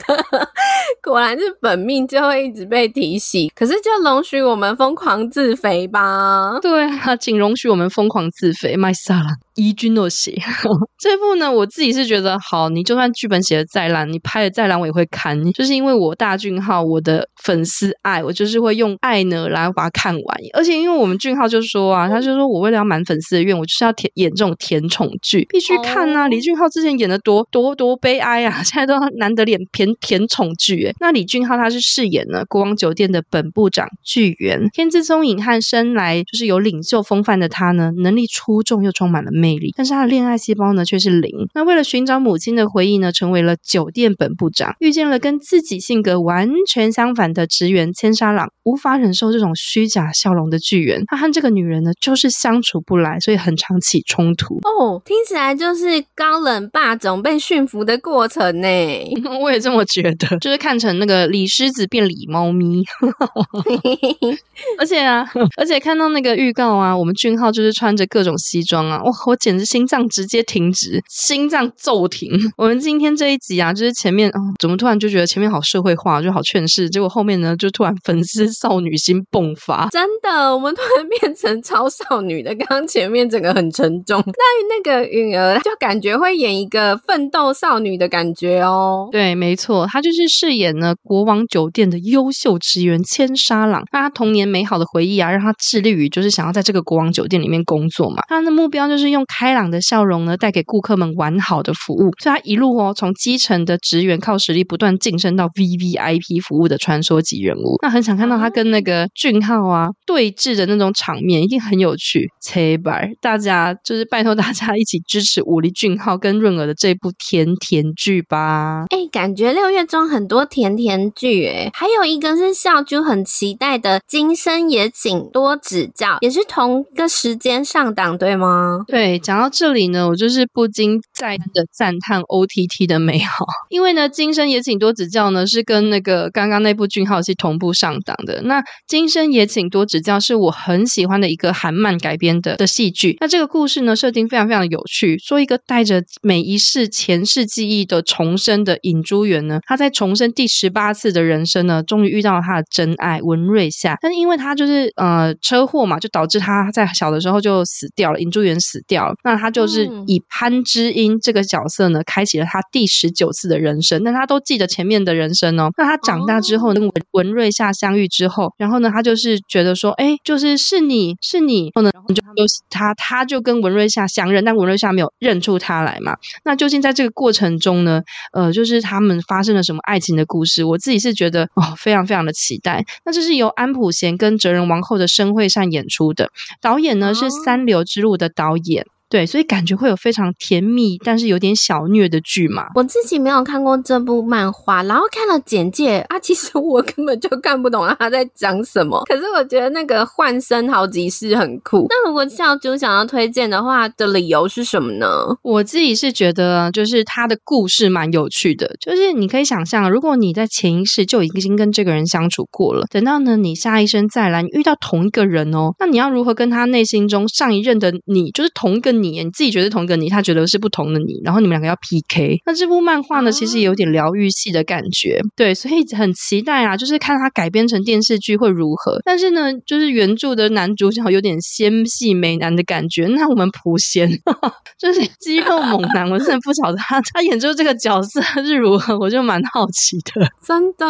果然是本命就會一直被提醒。可是就容許我們風瘋狂自肥吧！對啊，請容許我們瘋狂自肥，麥薩拉。伊君諾寫 [laughs] 這部呢，我自己是覺得好。你就算劇本寫的再爛，你拍的再爛，我也會看。就是因為我大俊昊，我的粉絲愛，我就是會用愛呢，然後把它看完。而且因為我們俊昊就說啊，他就說我為了要滿粉絲的願，我就是要填演這種甜寵劇，必須看啊。李俊昊之前演的多多多悲哀啊，現在都難得演甜甜寵劇，欸。那李俊昊他是飾演了國王酒店的本部長巨員，天資聰穎和生來就是有領袖風範的他呢，能力出眾又充滿了，魅力，但是他的戀愛細胞呢卻是零。那為了尋找母親的回憶呢，成為了酒店本部長，遇見了跟自己性格完全相反的職員千莎朗，無法忍受這種虛假笑容的具元，他和這個女人呢就是相處不來，所以很常起衝突。哦，聽起來就是高冷霸總被馴服的過程呢。 [laughs] 我也這麼覺得，就是看成那個李獅子變李貓咪。 [laughs] 而且啊，而且看到那個預告啊，我們俊昊就是穿着各種西裝啊，哇！我簡直心臟直接停止，心臟驟停。 [laughs] 我們今天這一集啊，就是前面啊、哦，怎麼突然就覺得前面好社會化，就好勸世，結果後面呢，就突然粉絲少女心迸發。真的，我們突然變成超少女的。剛剛前面整個很沉重， [laughs] 那那個允兒就感覺會演一個奮鬥少女的感覺哦。對，沒錯，她就是飾演了國王酒店的優秀職員千沙朗。她童年美好的回憶啊，讓她致力於就是想要在這個國王酒店裡面工作嘛。她的目標就是用。用開朗的笑容呢，帶給顧客們完好的服務。所以他一路哦，從基層的職員靠實力不斷晉升到 VVIP 服務的傳說級人物。那很想看到他跟那個俊浩啊對峙的那種場面，一定很有趣。切吧，大家就是拜托大家一起支持武力俊浩跟潤兒的這部甜甜劇吧。哎，感覺六月中很多甜甜劇哎，還有一個是孝珠很期待的今生也請多指教，也是同個時間上檔對嗎？對。講到這裡呢，我就是不禁在的讚嘆 OTT 的美好，因為呢，《今生也請多指教》呢是跟那個剛剛那部《軍號》是同步上檔的。那《今生也請多指教》是我很喜歡的一個韓漫改編的的戲劇。那這個故事呢，設定非常非常有趣，說一個帶着每一世前世記憶的重生的尹珠元呢，他在重生第十八次的人生呢，終於遇到了他的真愛文瑞夏，但是因為他就是呃車禍嘛，就導致他在小的時候就死掉了。尹珠元死掉。那他就是以潘之音這個角色呢，嗯、開啟了他第十九次的人生。那他都記得前面的人生哦。那他長大之後、哦、跟文文瑞夏相遇之後，然後呢，他就是覺得說，哎，就是是你，是你。然後呢，然後他就就他，他就跟文瑞夏相認，但文瑞夏沒有認出他來嘛。那究竟在這個過程中呢，呃，就是他們發生了什麼愛情的故事？我自己是覺得哦，非常非常的期待。那這是由安普賢跟哲仁王後的申惠善演出的，導演呢、哦、是三流之路的導演。對，所以感覺會有非常甜蜜，但是有點小虐的劇嘛。我自己沒有看過這部漫畫，然後看了簡介啊，其實我根本就看不懂他在講什麼。可是我覺得那個換身好幾世很酷。那如果小啾想要推薦的話，的理由是什麼呢？我自己是覺得，就是他的故事蠻有趣的，就是你可以想象，如果你在前一世就已經跟這個人相處過了，等到呢你下一生再來你遇到同一個人哦，那你要如何跟他內心中上一任的你，就是同一個。你你自己覺得同個你，他覺得是不同的你，然後你們兩個要 PK。那這部漫畫呢，其實也有點療癒系的感覺，oh. 對，所以很期待啊，就是看他它改編成電視劇會如何。但是呢，就是原著的男主角有點纖細美男的感覺，那我們普賢哈哈就是肌肉猛男，我真的不曉得他 [laughs] 他演出這個角色是如何，我就蠻好奇的。真的，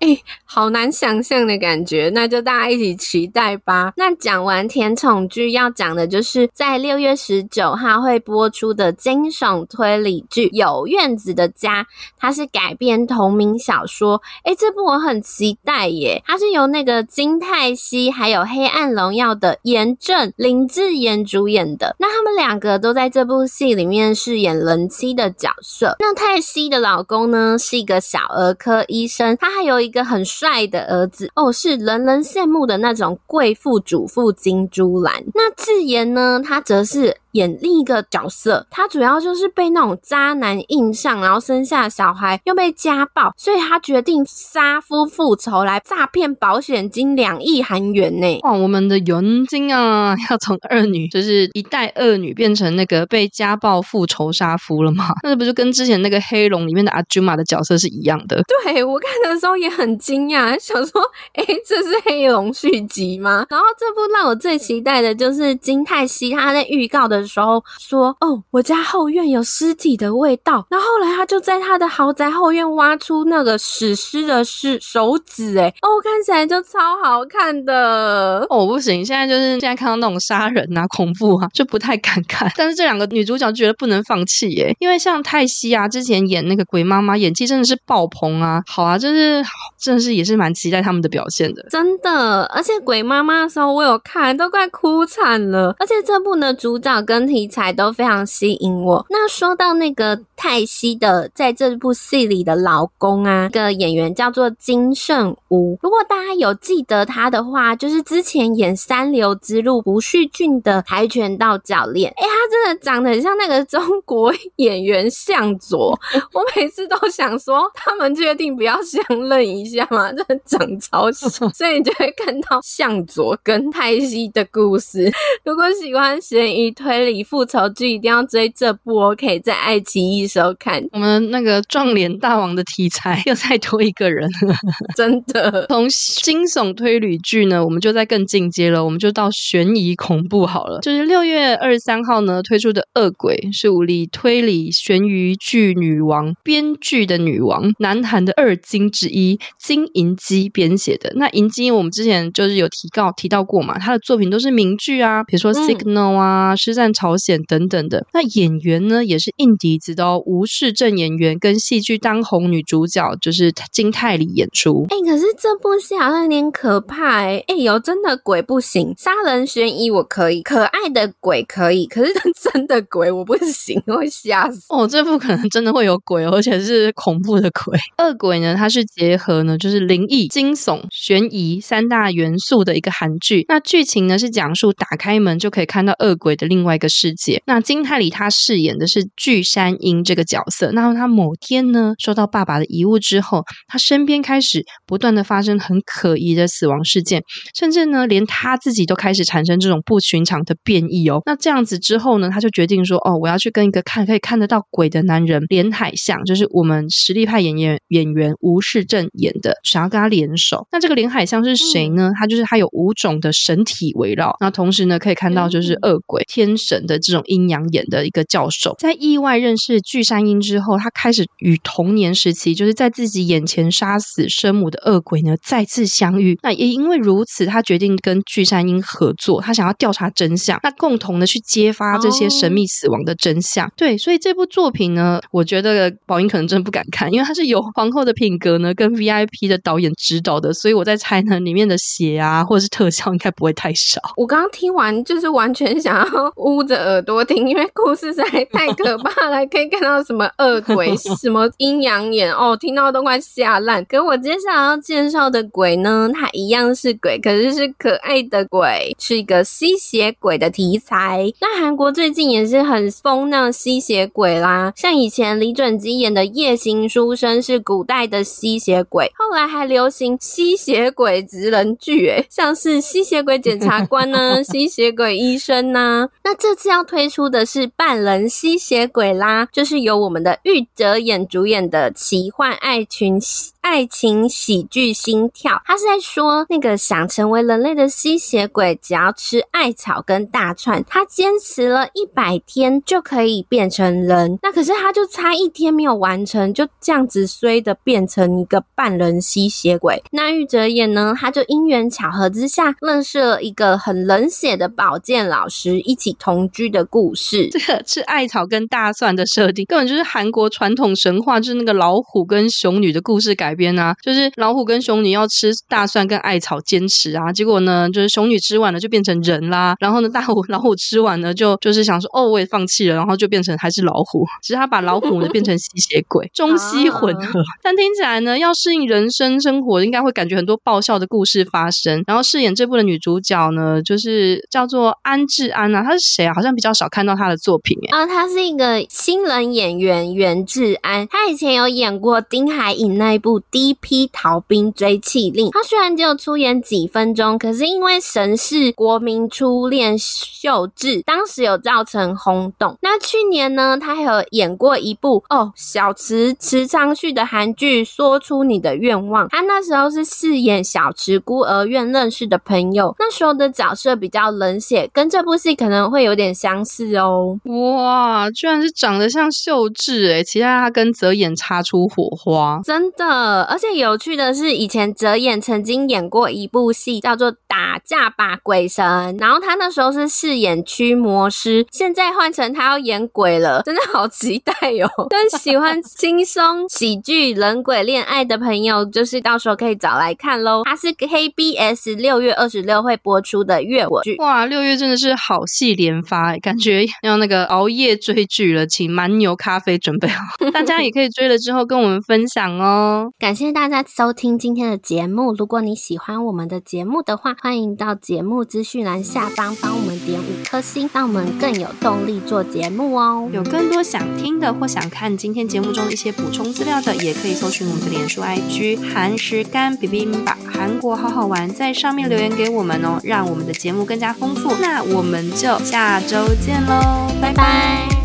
哎、欸，好難想象的感覺，那就大家一起期待吧。那講完甜寵劇，要講的就是在六月十九號會播出的驚悚推理劇《有院子的家》，它是改編同名小說。哎、欸，這部我很期待耶！它是由那個金泰熙還有《黑暗榮耀》的妍珍林智妍主演的。那他們兩個都在這部戲裡面飾演人妻的角色。那泰熙的老公呢，是一個小兒科醫生，他還有一個很帥的兒子哦，是人人羨慕的那種貴婦主婦金珠蘭。那智妍呢，她則是演。另一個角色，他主要就是被那種渣男硬上，然後生下小孩又被家暴，所以他決定殺夫復仇來詐騙保險金兩億韓元呢。哇、哦，我們的元金啊，要從惡女就是一代惡女變成那個被家暴復仇殺夫了嗎？那不就跟之前那個《黑龍》裡面的阿朱瑪的角色是一樣的？對，我看的時候也很驚訝，想說，哎，這是《黑龍》續集嗎？然後這部讓我最期待的就是金泰熙，他在預告的時候。時候說哦，我家後院有屍體的味道。那後，後來他就在他的豪宅後院挖出那個死屍的屍手指，哎哦，看起來就超好看的。我、哦、不行，現在就是現在看到那種殺人啊、恐怖啊，就不太敢看。但是這兩個女主角就覺得不能放棄，哎，因為像泰熙啊，之前演那個鬼媽媽，演技真的是爆棚啊。好啊，就是、哦、真的是也是蠻期待他們的表現的，真的。而且鬼媽媽的時候我有看，都快哭慘了。而且這部呢，主角跟跟題材都非常吸引我。那說到那個泰熙的在這部戲裡的老公啊，那個演員叫做金聖吳，如果大家有記得他的話，就是之前演《三流之路》吳旭俊的跆拳道教練。哎、欸，他真的長得很像那個中國演員向佐。 [laughs] 我每次都想說，他們確定不要相認一下嗎？真的長超像， [laughs] 所以你就會看到向佐跟泰熙的故事。如果喜歡懸疑推。推理復仇劇一定要追這部，我可以在愛奇藝收看。我們那個撞臉大王的題材又再多一個人， [laughs] 真的。從驚悚推理劇呢，我們就再更進階了，我們就到懸疑恐怖好了。就是六月二十三號呢推出的《惡鬼》，是武力推理懸疑劇女王、編劇的女王，南韓的二金之一金銀姬編寫的。那銀姬我們之前就是有提告提到過嘛，他的作品都是名劇啊，比如說《Signal》啊，嗯朝鮮等等的。那演員呢，也是硬底子的吳政世演員跟戲劇當紅女主角就是金泰梨演出。哎、欸，可是這部戲好像有點可怕哎、欸！哎、欸、呦，有真的鬼不行，殺人懸疑我可以，可愛的鬼可以，可是真的鬼我不行，我會嚇死哦！這部可能，真的會有鬼，而且是恐怖的鬼。惡鬼呢，它是結合呢就是靈異、驚悚、懸疑三大元素的一個韓劇。那劇情呢是講述打開門就可以看到惡鬼的另外一個個世界。那金泰梨他飾演的是巨山鷹這個角色。那他某天呢，收到爸爸的遺物之後，他身邊開始不斷的發生很可疑的死亡事件，甚至呢，連他自己都開始產生這種不尋常的變異哦。那這樣子之後呢，他就決定說：“哦，我要去跟一個看可以看得到鬼的男人連海相，就是我們實力派演員演員吳世正演的，想要跟他聯手。”那這個連海相是誰呢？嗯、他就是他有五種的神體圍繞。那同時呢，可以看到就是惡鬼、嗯、天使。等的這種陰陽眼的一個教授，在意外認識巨山鷹之後，他開始與童年時期就是在自己眼前殺死生母的惡鬼呢再次相遇。那也因為如此，他決定跟巨山鷹合作，他想要調查真相，那共同的去揭發這些神秘死亡的真相。Oh. 對，所以這部作品呢，我覺得寶英可能真的不敢看，因為他是由皇後的品格呢跟 VIP 的導演指導的，所以我在猜呢，裡面的血啊或者是特效應該不會太少。我剛剛聽完，就是完全想要我，捂着耳朵聽，因為故事實在太可怕了，可以看到什麼惡鬼、什麼陰陽眼哦，聽到都快嚇爛。可我接下來要介紹的鬼呢，它一樣是鬼，可是是可愛的鬼，是一個吸血鬼的題材。那韓國最近也是很瘋那吸血鬼啦，像以前李準基演的《夜行書生》是古代的吸血鬼，後來還流行吸血鬼職人劇，哎，像是《吸血鬼檢察官》啊呢，《吸血鬼醫生》啊呢，那這。這次要推出的是半人吸血鬼啦，就是由我們的玉澤演主演的奇幻愛情愛情喜劇《心跳》。他是在說，那個想成為人類的吸血鬼，只要吃艾草跟大串，他堅持了一百天就可以變成人。那可是他就差一天沒有完成，就這樣子衰的變成一個半人吸血鬼。那玉澤演呢，他就因緣巧合之下認識了一個很冷血的保健老師，一起同。居的故事，這個是艾草跟大蒜的設定，根本就是韓國傳統神話，就是那個老虎跟熊女的故事改編啊。就是老虎跟熊女要吃大蒜跟艾草，堅持啊。結果呢，就是熊女吃完了就變成人啦，然後呢，大虎老虎吃完了就就是想說，哦，我也放棄了，然後就變成還是老虎。其實他把老虎呢變成吸血鬼， [laughs] 中西混合。啊、但聽起來呢，要適應人生生活，應該會感覺很多爆笑的故事發生。然後飾演這部的女主角呢，就是叫做安治安啊，她是誰啊？好像比較少看到他的作品，欸。啊、呃，他是一個新人演員袁志安，他以前有演過丁海寅那一部《D.P. 逃兵追緝令》，他雖然只有出演幾分鐘，可是因為神似國民初戀秀智，當時有造成轟動。那去年呢，他還有演過一部哦，小池池昌旭的韓劇《說出你的願望》，他那時候是飾演小池孤兒院認識的朋友，那時候的角色比較冷血，跟這部戲可能會有。有點相似哦，哇，居然是長得像秀智哎、欸！期待他，他跟澤演擦出火花，真的。而且有趣的是，以前澤演曾經演過一部戲，叫做《打架吧鬼神》，然後他那時候是飾演驅魔師，現在換成他要演鬼了，真的好期待哦！ [laughs] 但喜歡輕鬆喜劇、人鬼戀愛的朋友，就是到時候可以找來看嘍。他是 KBS 六月二十六會播出的月火劇，哇，六月真的是好戲連發感覺要那個熬夜追劇了，請蠻牛咖啡準備好，大家也可以追了之後跟我們分享哦。 [laughs] 感謝大家收聽今天的節目，如果你喜歡我們的節目的話，歡迎到節目資訊欄下方幫我們點五顆星，讓我們更有動力做節目哦。有更多想聽的或想看今天節目中的一些補充資料的，也可以搜尋我們的臉書 IG 韓食柑 BB bibimbap，韓國好好玩，在上面留言給我們哦，讓我們的節目更加豐富。那我們就下。下週見嘍，拜拜。拜拜。